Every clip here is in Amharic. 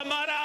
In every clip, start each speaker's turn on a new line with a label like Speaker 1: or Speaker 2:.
Speaker 1: I'm out.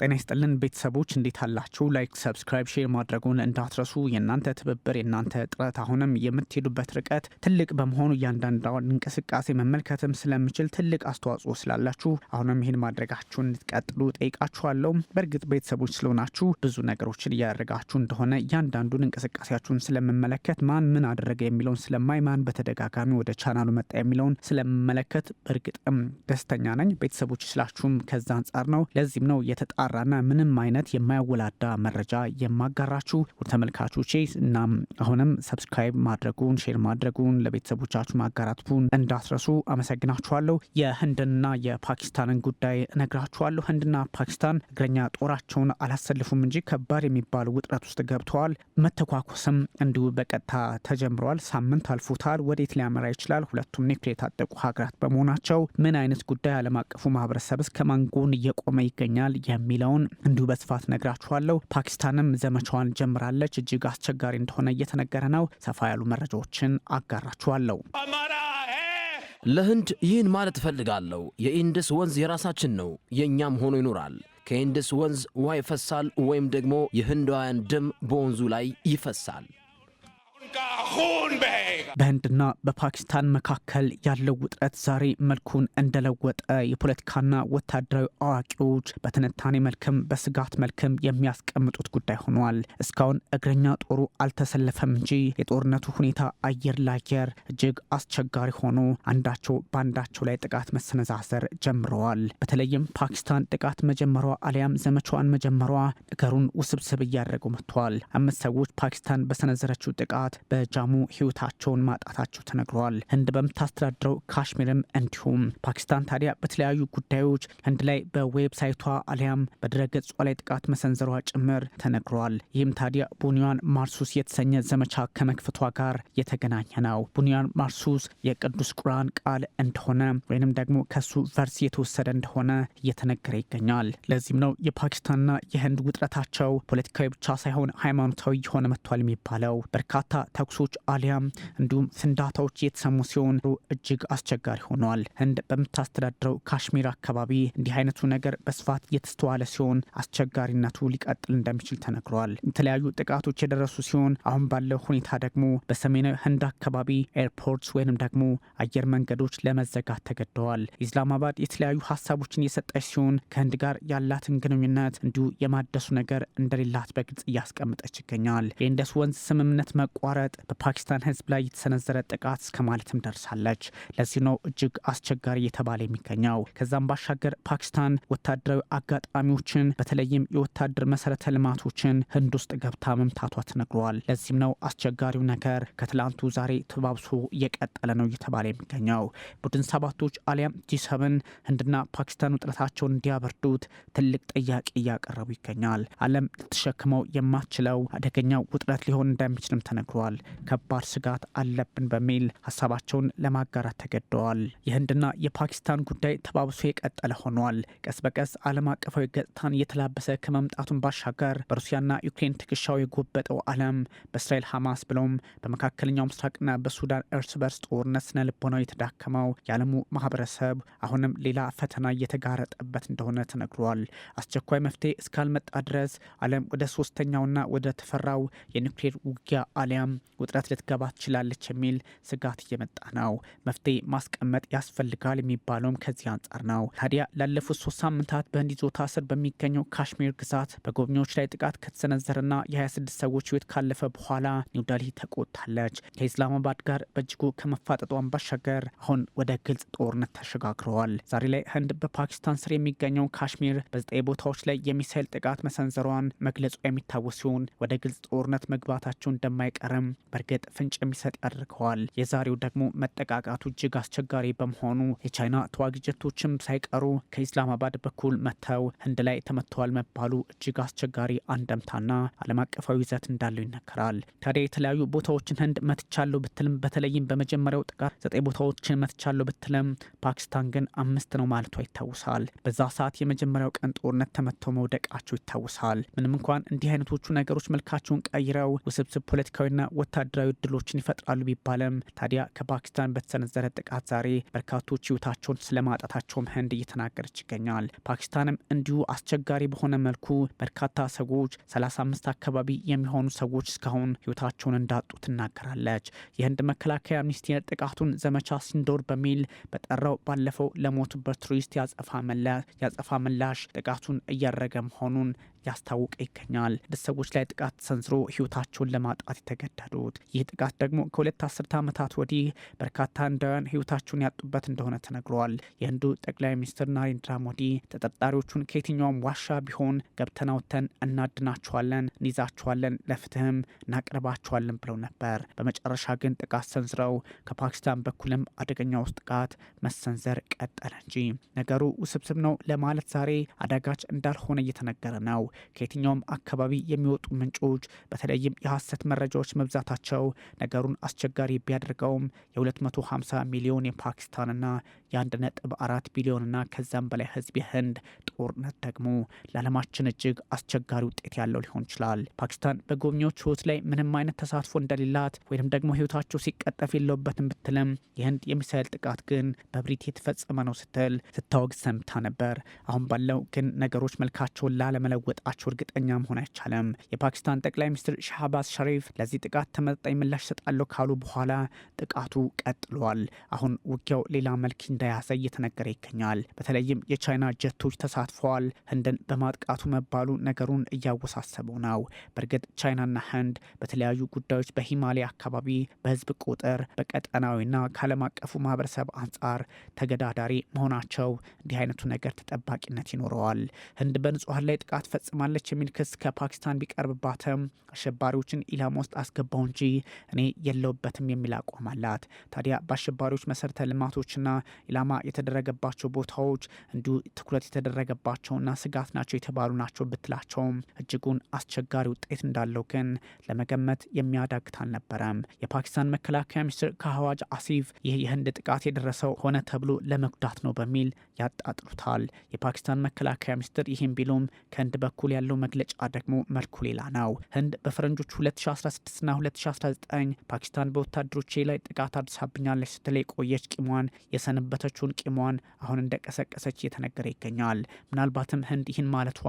Speaker 1: ጤና ይስጥልን ቤተሰቦች እንዴት አላችሁ? ላይክ፣ ሰብስክራይብ፣ ሼር ማድረጉን እንዳትረሱ። የእናንተ ትብብር፣ የእናንተ ጥረት አሁንም የምትሄዱበት ርቀት ትልቅ በመሆኑ እያንዳንዳውን እንቅስቃሴ መመልከትም ስለምችል ትልቅ አስተዋጽኦ ስላላችሁ አሁንም ይህን ማድረጋችሁን እንድትቀጥሉ ጠይቃችኋለሁ። በእርግጥ ቤተሰቦች ስለሆናችሁ ብዙ ነገሮችን እያደረጋችሁ እንደሆነ እያንዳንዱን እንቅስቃሴያችሁን ስለምመለከት ማን ምን አደረገ የሚለውን ስለማይ ማን በተደጋጋሚ ወደ ቻናሉ መጣ የሚለውን ስለምመለከት በእርግጥም ደስተኛ ነኝ። ቤተሰቦች ስላችሁም ከዛ አንጻር ነው። ለዚህም ነው የተጣ የተጣራና ምንም አይነት የማያወላዳ መረጃ የማጋራችሁ ውድ ተመልካቾቼ፣ እና አሁንም ሰብስክራይብ ማድረጉን ሼር ማድረጉን ለቤተሰቦቻችሁ ማጋራቱን እንዳትረሱ አመሰግናችኋለሁ። የህንድና የፓኪስታንን ጉዳይ እነግራችኋለሁ። ህንድና ፓኪስታን እግረኛ ጦራቸውን አላሰልፉም እንጂ ከባድ የሚባል ውጥረት ውስጥ ገብተዋል። መተኳኮስም እንዲሁ በቀጥታ ተጀምረዋል። ሳምንት አልፎታል። ወዴት ሊያመራ ይችላል? ሁለቱም ኒውክሌር የታጠቁ ሀገራት በመሆናቸው ምን አይነት ጉዳይ አለም አቀፉ ማህበረሰብስ ከማን ጎን እየቆመ ይገኛል? የሚ የሚለውን እንዲሁ በስፋት ነግራችኋለሁ። ፓኪስታንም ዘመቻዋን ጀምራለች። እጅግ አስቸጋሪ እንደሆነ እየተነገረ ነው። ሰፋ ያሉ መረጃዎችን አጋራችኋለሁ።
Speaker 2: ለህንድ ይህን ማለት እፈልጋለሁ። የኢንድስ ወንዝ የራሳችን ነው፣ የእኛም ሆኖ ይኖራል። ከኢንድስ ወንዝ ውሃ ይፈሳል፣ ወይም ደግሞ የህንዳውያን ደም በወንዙ ላይ ይፈሳል።
Speaker 1: በህንድና በፓኪስታን መካከል ያለው ውጥረት ዛሬ መልኩን እንደለወጠ የፖለቲካና ወታደራዊ አዋቂዎች በትንታኔ መልክም በስጋት መልክም የሚያስቀምጡት ጉዳይ ሆኗል። እስካሁን እግረኛ ጦሩ አልተሰለፈም እንጂ የጦርነቱ ሁኔታ አየር ላየር እጅግ አስቸጋሪ ሆኖ አንዳቸው በአንዳቸው ላይ ጥቃት መሰነዛዘር ጀምረዋል። በተለይም ፓኪስታን ጥቃት መጀመሯ አሊያም ዘመቻዋን መጀመሯ ነገሩን ውስብስብ እያደረገው መጥቷል። አምስት ሰዎች ፓኪስታን በሰነዘረችው ጥቃት በጃሙ ህይወታቸውን ማጣታቸው ተነግረዋል። ህንድ በምታስተዳድረው ካሽሚርም እንዲሁም ፓኪስታን ታዲያ በተለያዩ ጉዳዮች ህንድ ላይ በዌብሳይቷ አሊያም በድረገጿ ላይ ጥቃት መሰንዘሯ ጭምር ተነግረዋል። ይህም ታዲያ ቡኒያን ማርሱስ የተሰኘ ዘመቻ ከመክፈቷ ጋር የተገናኘ ነው። ቡኒያን ማርሱስ የቅዱስ ቁርአን ቃል እንደሆነ ወይንም ደግሞ ከሱ ቨርስ የተወሰደ እንደሆነ እየተነገረ ይገኛል። ለዚህም ነው የፓኪስታንና የህንድ ውጥረታቸው ፖለቲካዊ ብቻ ሳይሆን ሃይማኖታዊ የሆነ መጥቷል የሚባለው በርካታ ተኩሶች አሊያም እንዲሁም ፍንዳታዎች እየተሰሙ ሲሆን እጅግ አስቸጋሪ ሆኗል። ህንድ በምታስተዳድረው ካሽሚር አካባቢ እንዲህ አይነቱ ነገር በስፋት እየተስተዋለ ሲሆን አስቸጋሪነቱ ሊቀጥል እንደሚችል ተነግሯል። የተለያዩ ጥቃቶች የደረሱ ሲሆን አሁን ባለው ሁኔታ ደግሞ በሰሜናዊ ህንድ አካባቢ ኤርፖርትስ ወይንም ደግሞ አየር መንገዶች ለመዘጋት ተገደዋል። ኢስላማባድ የተለያዩ ሀሳቦችን የሰጠች ሲሆን ከህንድ ጋር ያላትን ግንኙነት እንዲሁ የማደሱ ነገር እንደሌላት በግልጽ እያስቀመጠች ይገኛል። የኢንደስ ወንዝ ስምምነት መቋ ማቋረጥ፣ በፓኪስታን ህዝብ ላይ የተሰነዘረ ጥቃት እስከማለትም ደርሳለች። ለዚህ ነው እጅግ አስቸጋሪ እየተባለ የሚገኘው። ከዛም ባሻገር ፓኪስታን ወታደራዊ አጋጣሚዎችን በተለይም የወታደር መሰረተ ልማቶችን ህንድ ውስጥ ገብታ መምታቷ ተነግሯል። ለዚህም ነው አስቸጋሪው ነገር ከትላንቱ ዛሬ ተባብሶ እየቀጠለ ነው እየተባለ የሚገኘው። ቡድን ሰባቶች አሊያም ጂ ህንድና ፓኪስታን ውጥረታቸውን እንዲያበርዱት ትልቅ ጥያቄ እያቀረቡ ይገኛል። ዓለም ልትሸክመው የማትችለው አደገኛው ውጥረት ሊሆን እንደሚችልም ተነግሯል። ተናግረዋል። ከባድ ስጋት አለብን በሚል ሀሳባቸውን ለማጋራት ተገደዋል። የህንድና የፓኪስታን ጉዳይ ተባብሶ የቀጠለ ሆኗል። ቀስ በቀስ ዓለም አቀፋዊ ገጽታን እየተላበሰ ከመምጣቱን ባሻገር በሩሲያና ዩክሬን ትከሻው የጎበጠው ዓለም በእስራኤል ሐማስ ብሎም በመካከለኛው ምስራቅና በሱዳን እርስ በርስ ጦርነት ስነ ልቦናው የተዳከመው የዓለሙ ማህበረሰብ አሁንም ሌላ ፈተና እየተጋረጠበት እንደሆነ ተነግሯል። አስቸኳይ መፍትሄ እስካልመጣ ድረስ ዓለም ወደ ሶስተኛውና ወደ ተፈራው የኒውክሌር ውጊያ አሊያም ውጥረት ልትገባ ትችላለች የሚል ስጋት እየመጣ ነው። መፍትሄ ማስቀመጥ ያስፈልጋል የሚባለውም ከዚህ አንጻር ነው። ታዲያ ላለፉት ሶስት ሳምንታት በህንድ ይዞታ ስር በሚገኘው ካሽሚር ግዛት በጎብኚዎች ላይ ጥቃት ከተሰነዘረና የ26 ሰዎች ህይወት ካለፈ በኋላ ኒውደልሂ ተቆጥታለች። ከኢስላማባድ ጋር በእጅጉ ከመፋጠጧን ባሻገር አሁን ወደ ግልጽ ጦርነት ተሸጋግረዋል። ዛሬ ላይ ህንድ በፓኪስታን ስር የሚገኘው ካሽሚር በዘጠኝ ቦታዎች ላይ የሚሳይል ጥቃት መሰንዘሯን መግለጿ የሚታወስ ሲሆን ወደ ግልጽ ጦርነት መግባታቸው እንደማይቀርም ቢሆንም በእርግጥ ፍንጭ የሚሰጥ ያደርገዋል። የዛሬው ደግሞ መጠቃቃቱ እጅግ አስቸጋሪ በመሆኑ የቻይና ተዋጊ ጀቶችም ሳይቀሩ ከኢስላማባድ በኩል መጥተው ህንድ ላይ ተመጥተዋል መባሉ እጅግ አስቸጋሪ አንደምታና ዓለም አቀፋዊ ይዘት እንዳለው ይነገራል። ታዲያ የተለያዩ ቦታዎችን ህንድ መትቻለሁ ብትልም በተለይም በመጀመሪያው ጥቃት ዘጠኝ ቦታዎችን መትቻለሁ ብትልም ፓኪስታን ግን አምስት ነው ማለቷ ይታወሳል። በዛ ሰዓት የመጀመሪያው ቀን ጦርነት ተመትቶ መውደቃቸው ይታወሳል። ምንም እንኳን እንዲህ አይነቶቹ ነገሮች መልካቸውን ቀይረው ውስብስብ ፖለቲካዊና ወታደራዊ እድሎችን ይፈጥራሉ ቢባልም ታዲያ ከፓኪስታን በተሰነዘረ ጥቃት ዛሬ በርካቶች ህይወታቸውን ስለማጣታቸውም ህንድ እየተናገረች ይገኛል። ፓኪስታንም እንዲሁ አስቸጋሪ በሆነ መልኩ በርካታ ሰዎች 35 አካባቢ የሚሆኑ ሰዎች እስካሁን ህይወታቸውን እንዳጡ ትናገራለች። የህንድ መከላከያ ሚኒስቴር ጥቃቱን ዘመቻ ሲንዶር በሚል በጠራው ባለፈው ለሞቱበት ቱሪስት ያጸፋ ምላሽ ጥቃቱን እያደረገ መሆኑን ያስታወቀ ይገኛል። ሰዎች ላይ ጥቃት ሰንዝሮ ህይወታቸውን ለማጣት የተገዳ ያስገደሉት። ይህ ጥቃት ደግሞ ከሁለት አስርተ ዓመታት ወዲህ በርካታ ህንዳውያን ህይወታቸውን ያጡበት እንደሆነ ተነግረዋል። የህንዱ ጠቅላይ ሚኒስትር ናሬንድራ ሞዲ ተጠርጣሪዎቹን ከየትኛውም ዋሻ ቢሆን ገብተን አውጥተን እናድናቸዋለን፣ እንይዛቸዋለን፣ ለፍትህም እናቅርባቸዋለን ብለው ነበር። በመጨረሻ ግን ጥቃት ሰንዝረው ከፓኪስታን በኩልም አደገኛ ውስጥ ጥቃት መሰንዘር ቀጠለ እንጂ ነገሩ ውስብስብ ነው ለማለት ዛሬ አዳጋች እንዳልሆነ እየተነገረ ነው። ከየትኛውም አካባቢ የሚወጡ ምንጮች በተለይም የሐሰት መረጃዎች መብዛት መግዛታቸው ነገሩን አስቸጋሪ ቢያደርገውም የ250 ሚሊዮን የፓኪስታንና የአንድ ነጥብ አራት ቢሊዮንና ከዛም በላይ ህዝብ የህንድ ጦርነት ደግሞ ለዓለማችን እጅግ አስቸጋሪ ውጤት ያለው ሊሆን ይችላል። ፓኪስታን በጎብኚዎች ህይወት ላይ ምንም አይነት ተሳትፎ እንደሌላት ወይም ደግሞ ህይወታቸው ሲቀጠፍ የለውበትም ብትልም የህንድ የሚሳኤል ጥቃት ግን በብሪት የተፈጸመ ነው ስትል ስታወግዝ ሰምታ ነበር። አሁን ባለው ግን ነገሮች መልካቸውን ላለመለወጣቸው እርግጠኛ መሆን አይቻልም። የፓኪስታን ጠቅላይ ሚኒስትር ሻህባዝ ሸሪፍ ለዚህ ጥቃት ተመጣጣኝ ምላሽ ሰጣለሁ ካሉ በኋላ ጥቃቱ ቀጥሏል። አሁን ውጊያው ሌላ መልክ እንደ እንደያዘ እየተነገረ ይገኛል። በተለይም የቻይና ጀቶች ተሳትፈዋል ህንድን በማጥቃቱ መባሉ ነገሩን እያወሳሰበው ነው። በእርግጥ ቻይናና ህንድ በተለያዩ ጉዳዮች በሂማሊያ አካባቢ በህዝብ ቁጥር በቀጠናዊና ከዓለም አቀፉ ማህበረሰብ አንጻር ተገዳዳሪ መሆናቸው እንዲህ አይነቱ ነገር ተጠባቂነት ይኖረዋል። ህንድ በንጹሐን ላይ ጥቃት ፈጽማለች የሚል ክስ ከፓኪስታን ቢቀርብባትም አሸባሪዎችን ኢላማ ውስጥ አስገባው እንጂ እኔ የለውበትም የሚል አቋም አላት። ታዲያ በአሸባሪዎች መሰረተ ልማቶችና ኢላማ የተደረገባቸው ቦታዎች እንዲሁ ትኩረት የተደረገባቸውና ስጋት ናቸው የተባሉ ናቸው ብትላቸውም እጅጉን አስቸጋሪ ውጤት እንዳለው ግን ለመገመት የሚያዳግት አልነበረም። የፓኪስታን መከላከያ ሚኒስትር ካህዋጅ አሲፍ ይህ የህንድ ጥቃት የደረሰው ሆነ ተብሎ ለመጉዳት ነው በሚል ያጣጥሉታል። የፓኪስታን መከላከያ ሚኒስትር ይህም ቢሉም ከህንድ በኩል ያለው መግለጫ ደግሞ መልኩ ሌላ ነው። ህንድ በፈረንጆቹ 2016ና 2019 ፓኪስታን በወታደሮቼ ላይ ጥቃት አድርሳብኛለች ስትል የቆየች ቂሟን የሰንበት ያጎለበተችውን ቂሟን አሁን እንደቀሰቀሰች እየተነገረ ይገኛል። ምናልባትም ህንድ ይህን ማለቷ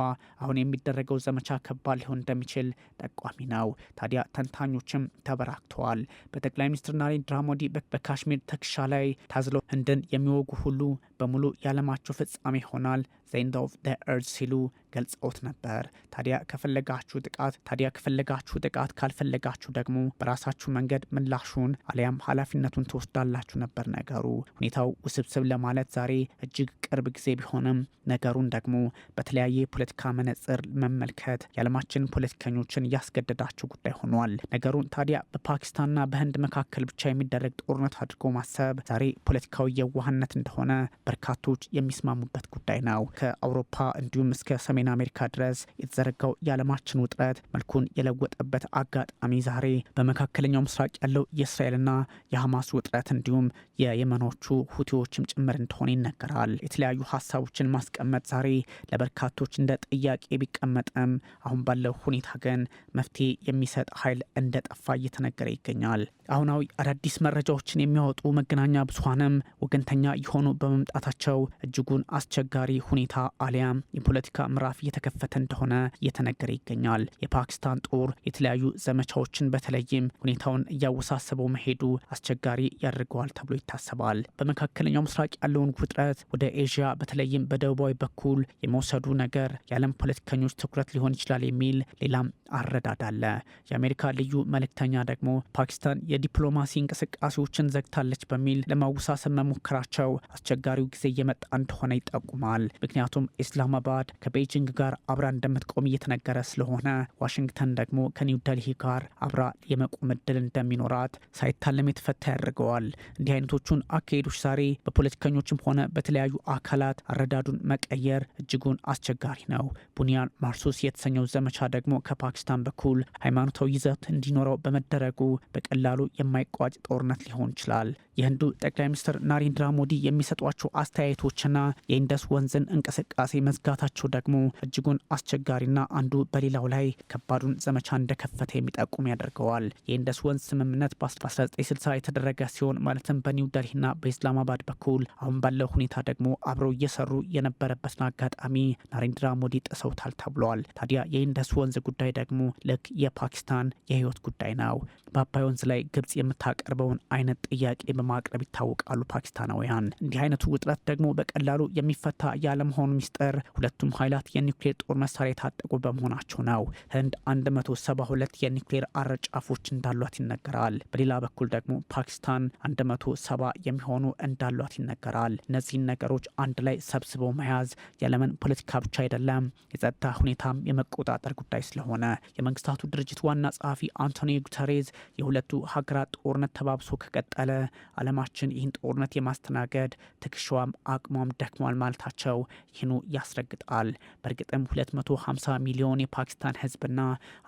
Speaker 1: አሁን የሚደረገው ዘመቻ ከባድ ሊሆን እንደሚችል ጠቋሚ ነው። ታዲያ ተንታኞችም ተበራክተዋል። በጠቅላይ ሚኒስትር ናሬንድራ ሞዲ በካሽሚር ተክሻ ላይ ታዝለው ህንድን የሚወጉ ሁሉ በሙሉ ያለማቸው ፍጻሜ ይሆናል ዘንድ ኦፍ ደ እርዝ ሲሉ ገልጸውት ነበር። ታዲያ ከፈለጋችሁ ጥቃት ታዲያ ከፈለጋችሁ ጥቃት ካልፈለጋችሁ ደግሞ በራሳችሁ መንገድ ምላሹን አሊያም ኃላፊነቱን ትወስዳላችሁ ነበር ነገሩ። ሁኔታው ውስብስብ ለማለት ዛሬ እጅግ ቅርብ ጊዜ ቢሆንም ነገሩን ደግሞ በተለያየ ፖለቲካ መነጽር መመልከት የዓለማችን ፖለቲከኞችን እያስገደዳቸው ጉዳይ ሆኗል። ነገሩን ታዲያ በፓኪስታንና በህንድ መካከል ብቻ የሚደረግ ጦርነት አድርጎ ማሰብ ዛሬ ፖለቲካዊ የዋህነት እንደሆነ በርካቶች የሚስማሙበት ጉዳይ ነው። ከአውሮፓ እንዲሁም እስከ ሰሜን አሜሪካ ድረስ የተዘረጋው የዓለማችን ውጥረት መልኩን የለወጠበት አጋጣሚ ዛሬ በመካከለኛው ምስራቅ ያለው የእስራኤልና የሐማስ ውጥረት እንዲሁም የየመኖቹ ሁቲዎችም ጭምር እንደሆነ ይነገራል። የተለያዩ ሀሳቦችን ማስቀመጥ ዛሬ ለበርካቶች እንደ ጥያቄ ቢቀመጥም አሁን ባለው ሁኔታ ግን መፍትሄ የሚሰጥ ኃይል እንደጠፋ እየተነገረ ይገኛል። አሁናዊ አዳዲስ መረጃዎችን የሚያወጡ መገናኛ ብዙሀንም ወገንተኛ የሆኑ በመምጣታቸው እጅጉን አስቸጋሪ ሁኔታ ሁኔታ አሊያም የፖለቲካ ምዕራፍ እየተከፈተ እንደሆነ እየተነገረ ይገኛል። የፓኪስታን ጦር የተለያዩ ዘመቻዎችን በተለይም ሁኔታውን እያወሳሰበው መሄዱ አስቸጋሪ ያደርገዋል ተብሎ ይታሰባል። በመካከለኛው ምስራቅ ያለውን ውጥረት ወደ ኤዥያ በተለይም በደቡባዊ በኩል የመውሰዱ ነገር የዓለም ፖለቲከኞች ትኩረት ሊሆን ይችላል የሚል ሌላም አረዳድ አለ። የአሜሪካ ልዩ መልእክተኛ ደግሞ ፓኪስታን የዲፕሎማሲ እንቅስቃሴዎችን ዘግታለች በሚል ለማወሳሰብ መሞከራቸው አስቸጋሪው ጊዜ እየመጣ እንደሆነ ይጠቁማል። ምክንያቱም ኢስላማባድ ከቤጂንግ ጋር አብራ እንደምትቆም እየተነገረ ስለሆነ ዋሽንግተን ደግሞ ከኒው ደልሂ ጋር አብራ የመቆም እድል እንደሚኖራት ሳይታለም የተፈታ ያደርገዋል። እንዲህ አይነቶቹን አካሄዶች ዛሬ በፖለቲከኞችም ሆነ በተለያዩ አካላት አረዳዱን መቀየር እጅጉን አስቸጋሪ ነው። ቡኒያን ማርሱስ የተሰኘው ዘመቻ ደግሞ ከፓኪስታን በኩል ሃይማኖታዊ ይዘት እንዲኖረው በመደረጉ በቀላሉ የማይቋጭ ጦርነት ሊሆን ይችላል። የህንዱ ጠቅላይ ሚኒስትር ናሬንድራ ሞዲ የሚሰጧቸው አስተያየቶችና የኢንደስ ወንዝን እንቅስቃሴ መዝጋታቸው ደግሞ እጅጉን አስቸጋሪና አንዱ በሌላው ላይ ከባዱን ዘመቻ እንደከፈተ የሚጠቁም ያደርገዋል። የኢንደስ ወንዝ ስምምነት በ1960 የተደረገ ሲሆን ማለትም በኒው ደልሂና በኢስላማባድ በኩል አሁን ባለው ሁኔታ ደግሞ አብረው እየሰሩ የነበረበትን አጋጣሚ ናሬንድራ ሞዲ ጥሰውታል ተብሏል። ታዲያ የኢንደስ ወንዝ ጉዳይ ደግሞ ልክ የፓኪስታን የህይወት ጉዳይ ነው። በአባይ ወንዝ ላይ ግብጽ የምታቀርበውን አይነት ጥያቄ በማቅረብ ይታወቃሉ ፓኪስታናውያን። እንዲህ አይነቱ ውጥረት ደግሞ በቀላሉ የሚፈታ የዓለም ሆኑ ሚስጥር ሁለቱም ኃይላት የኒውክሌር ጦር መሳሪያ የታጠቁ በመሆናቸው ነው። ህንድ 172 የኒውክሌር አረጫፎች እንዳሏት ይነገራል። በሌላ በኩል ደግሞ ፓኪስታን 170 የሚሆኑ እንዳሏት ይነገራል። እነዚህን ነገሮች አንድ ላይ ሰብስበው መያዝ የለመን ፖለቲካ ብቻ አይደለም የጸጥታ ሁኔታም የመቆጣጠር ጉዳይ ስለሆነ የመንግስታቱ ድርጅት ዋና ጸሐፊ አንቶኒዮ ጉተሬዝ የሁለቱ ሀገራት ጦርነት ተባብሶ ከቀጠለ አለማችን ይህን ጦርነት የማስተናገድ ትከሻዋም አቅሟም ደክሟል ማለታቸው ይህኑ ያስረግጣል። በእርግጥም 250 ሚሊዮን የፓኪስታን ህዝብና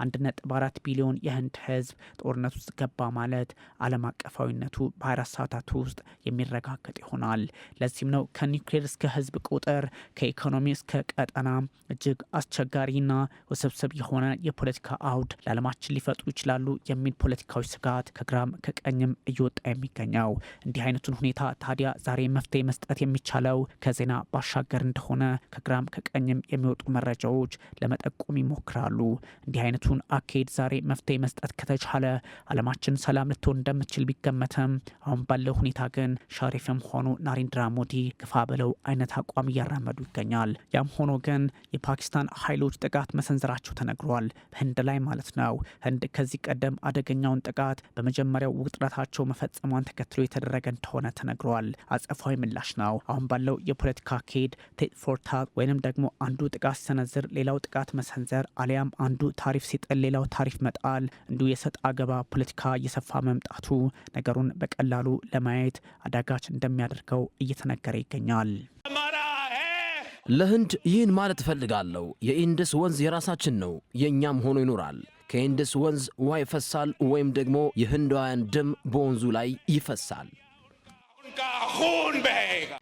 Speaker 1: 1.4 ቢሊዮን የህንድ ህዝብ ጦርነት ውስጥ ገባ ማለት ዓለም አቀፋዊነቱ በአራት ሰዓታት ውስጥ የሚረጋገጥ ይሆናል። ለዚህም ነው ከኒውክሌር እስከ ህዝብ ቁጥር ከኢኮኖሚ እስከ ቀጠና እጅግ አስቸጋሪና ውስብስብ የሆነ የፖለቲካ አውድ ለዓለማችን ሊፈጥሩ ይችላሉ የሚል ፖለቲካዊ ስጋት ከግራም ከቀኝም እየወጣ የሚገኘው። እንዲህ አይነቱን ሁኔታ ታዲያ ዛሬ መፍትሄ መስጠት የሚቻለው ከዜና ባሻገር እንደሆነ ሆነ ከግራም ከቀኝም የሚወጡ መረጃዎች ለመጠቆም ይሞክራሉ። እንዲህ አይነቱን አካሄድ ዛሬ መፍትሄ መስጠት ከተቻለ አለማችን ሰላም ልትሆን እንደምትችል ቢገመትም አሁን ባለው ሁኔታ ግን ሸሪፍም ሆኑ ናሬንድራ ሞዲ ግፋ ብለው አይነት አቋም እያራመዱ ይገኛል። ያም ሆኖ ግን የፓኪስታን ኃይሎች ጥቃት መሰንዘራቸው ተነግሯል። በህንድ ላይ ማለት ነው። ህንድ ከዚህ ቀደም አደገኛውን ጥቃት በመጀመሪያው ውጥረታቸው መፈጸሟን ተከትሎ የተደረገ እንደሆነ ተነግሯል። አጸፋዊ ምላሽ ነው። አሁን ባለው የፖለቲካ አካሄድ ፎር ታግ ወይንም ደግሞ አንዱ ጥቃት ሲሰነዝር ሌላው ጥቃት መሰንዘር አሊያም አንዱ ታሪፍ ሲጥል ሌላው ታሪፍ መጣል እንዲሁ የሰጥ አገባ ፖለቲካ እየሰፋ መምጣቱ ነገሩን በቀላሉ ለማየት አዳጋች እንደሚያደርገው እየተነገረ ይገኛል።
Speaker 2: ለህንድ ይህን ማለት እፈልጋለሁ። የኢንደስ ወንዝ የራሳችን ነው፣ የእኛም ሆኖ ይኖራል። ከኢንደስ ወንዝ ውሃ ይፈሳል፣ ወይም ደግሞ የህንዳውያን ደም በወንዙ ላይ ይፈሳል።